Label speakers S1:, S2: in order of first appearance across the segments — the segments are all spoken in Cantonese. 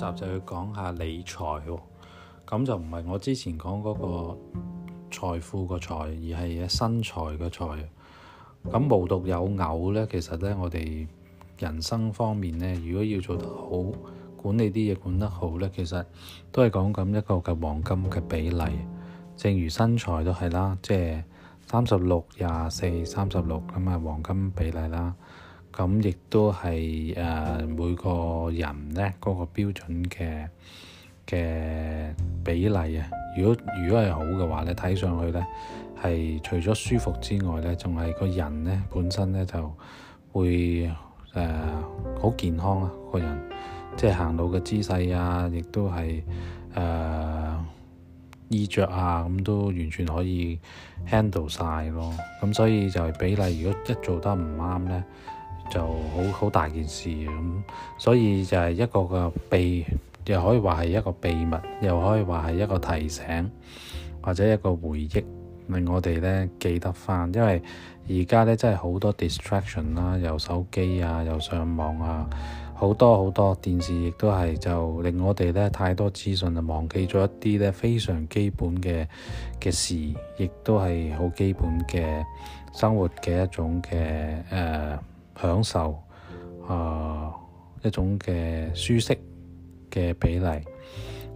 S1: 集就要講下理財喎、哦，咁就唔係我之前講嗰個財富個財，而係身材個財。咁無獨有偶呢，其實呢，我哋人生方面呢，如果要做得好，管理啲嘢管得好呢，其實都係講緊一個嘅黃金嘅比例。正如身材都係啦，即係三十六、廿四、三十六啊嘛，黃金比例啦。咁亦都係誒、呃、每個人咧嗰、那個標準嘅嘅比例啊。如果如果係好嘅話咧，睇上去咧係除咗舒服之外咧，仲係個人咧本身咧就會誒好、呃、健康啊。個人即係行路嘅姿勢啊，亦都係誒衣着啊，咁都完全可以 handle 晒咯。咁所以就係比例，如果一做得唔啱咧～就好好大件事咁，嗯，所以就係一個個秘，又可以話係一個秘密，又可以話係一個提醒，或者一個回憶，令我哋呢記得翻。因為而家呢，真係好多 distraction 啦，又手機啊，又上網啊，好多好多電視，亦都係就令我哋呢太多資訊就忘記咗一啲呢非常基本嘅嘅事，亦都係好基本嘅生活嘅一種嘅誒。呃享受啊、呃、一種嘅舒適嘅比例。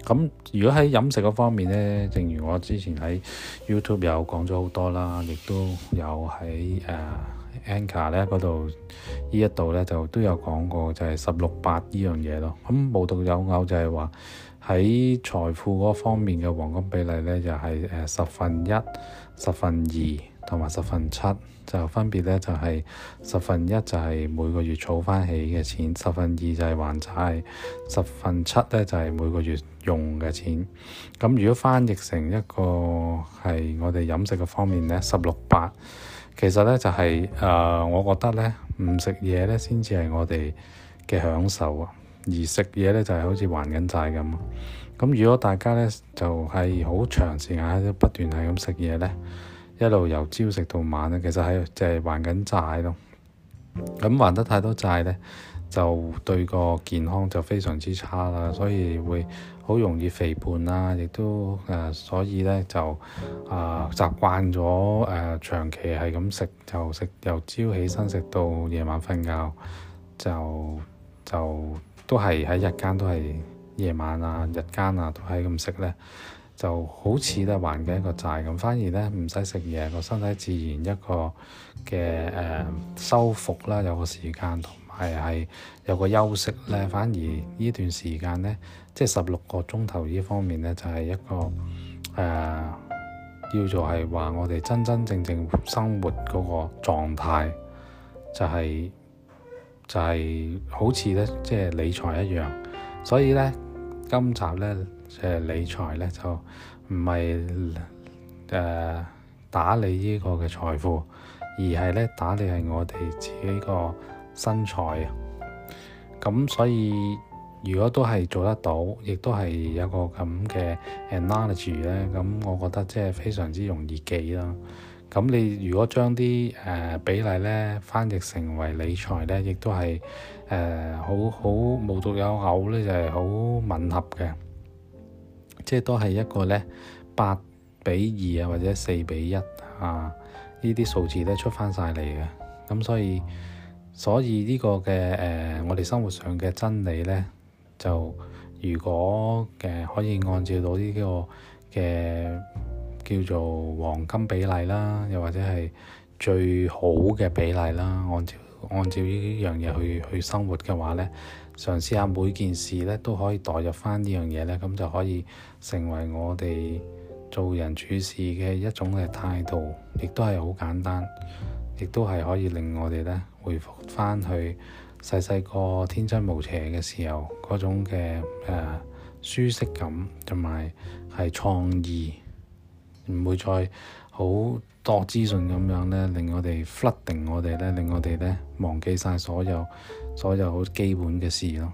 S1: 咁如果喺飲食嗰方面咧，正如我之前喺 YouTube 有講咗好多啦，亦都有喺誒、呃、Anchor 咧嗰度呢一度咧就都有講過，就係十六八呢樣嘢咯。咁無獨有偶就，就係話喺財富嗰方面嘅黃金比例咧，就係誒十分一、十分二。同埋十分七就分別咧，就係十分一就係每個月儲翻起嘅錢，十分二就係還債，十分七咧就係每個月用嘅錢。咁如果翻譯成一個係我哋飲食嘅方面咧，十六八其實咧就係誒，我覺得咧唔食嘢咧先至係我哋嘅享受啊，而食嘢咧就係好似還緊債咁。咁如果大家咧就係好長時間喺度不斷係咁食嘢咧。一路由朝食到晚咧，其實喺就係還緊債咯。咁還得太多債咧，就對個健康就非常之差啦。所以會好容易肥胖啊，亦都誒、呃，所以咧就啊習慣咗誒長期係咁食，就食由朝起身食到夜晚瞓覺，就就都係喺日間都係夜晚啊、日間啊都係咁食咧。就好似咧還緊一個債咁，反而咧唔使食嘢，個身體自然一個嘅誒修復啦，有個時間同埋係有個休息咧。反而呢段時間咧，即係十六個鐘頭呢方面咧，就係、是、一個誒、呃，叫做係話我哋真真正正生活嗰個狀態，就係、是、就係、是、好似咧即係理財一樣。所以咧，今集咧。即係理財咧，就唔係誒打理呢個嘅財富，而係咧打理係我哋自己個身材啊。咁所以如果都係做得到，亦都係有個咁嘅 analogy 咧，咁我覺得即係非常之容易記啦。咁你如果將啲誒比例咧翻譯成為理財咧，亦都係誒好好無獨有偶咧，就係、是、好吻合嘅。即係都係一個咧八比二啊，或者四比一啊，呢啲數字咧出翻晒嚟嘅。咁所以，所以呢個嘅誒、呃，我哋生活上嘅真理咧，就如果誒可以按照到呢個嘅叫做黃金比例啦，又或者係最好嘅比例啦，按照。按照呢樣嘢去去生活嘅話呢，嘗試下每件事呢都可以代入翻呢樣嘢呢，咁就可以成為我哋做人處事嘅一種嘅態度，亦都係好簡單，亦都係可以令我哋呢回復翻去細細個天真無邪嘅時候嗰種嘅誒、呃、舒適感，同埋係創意，唔會再。好多資訊咁樣咧，令我哋 flooding 我哋咧，令我哋咧忘記曬所有所有好基本嘅事咯。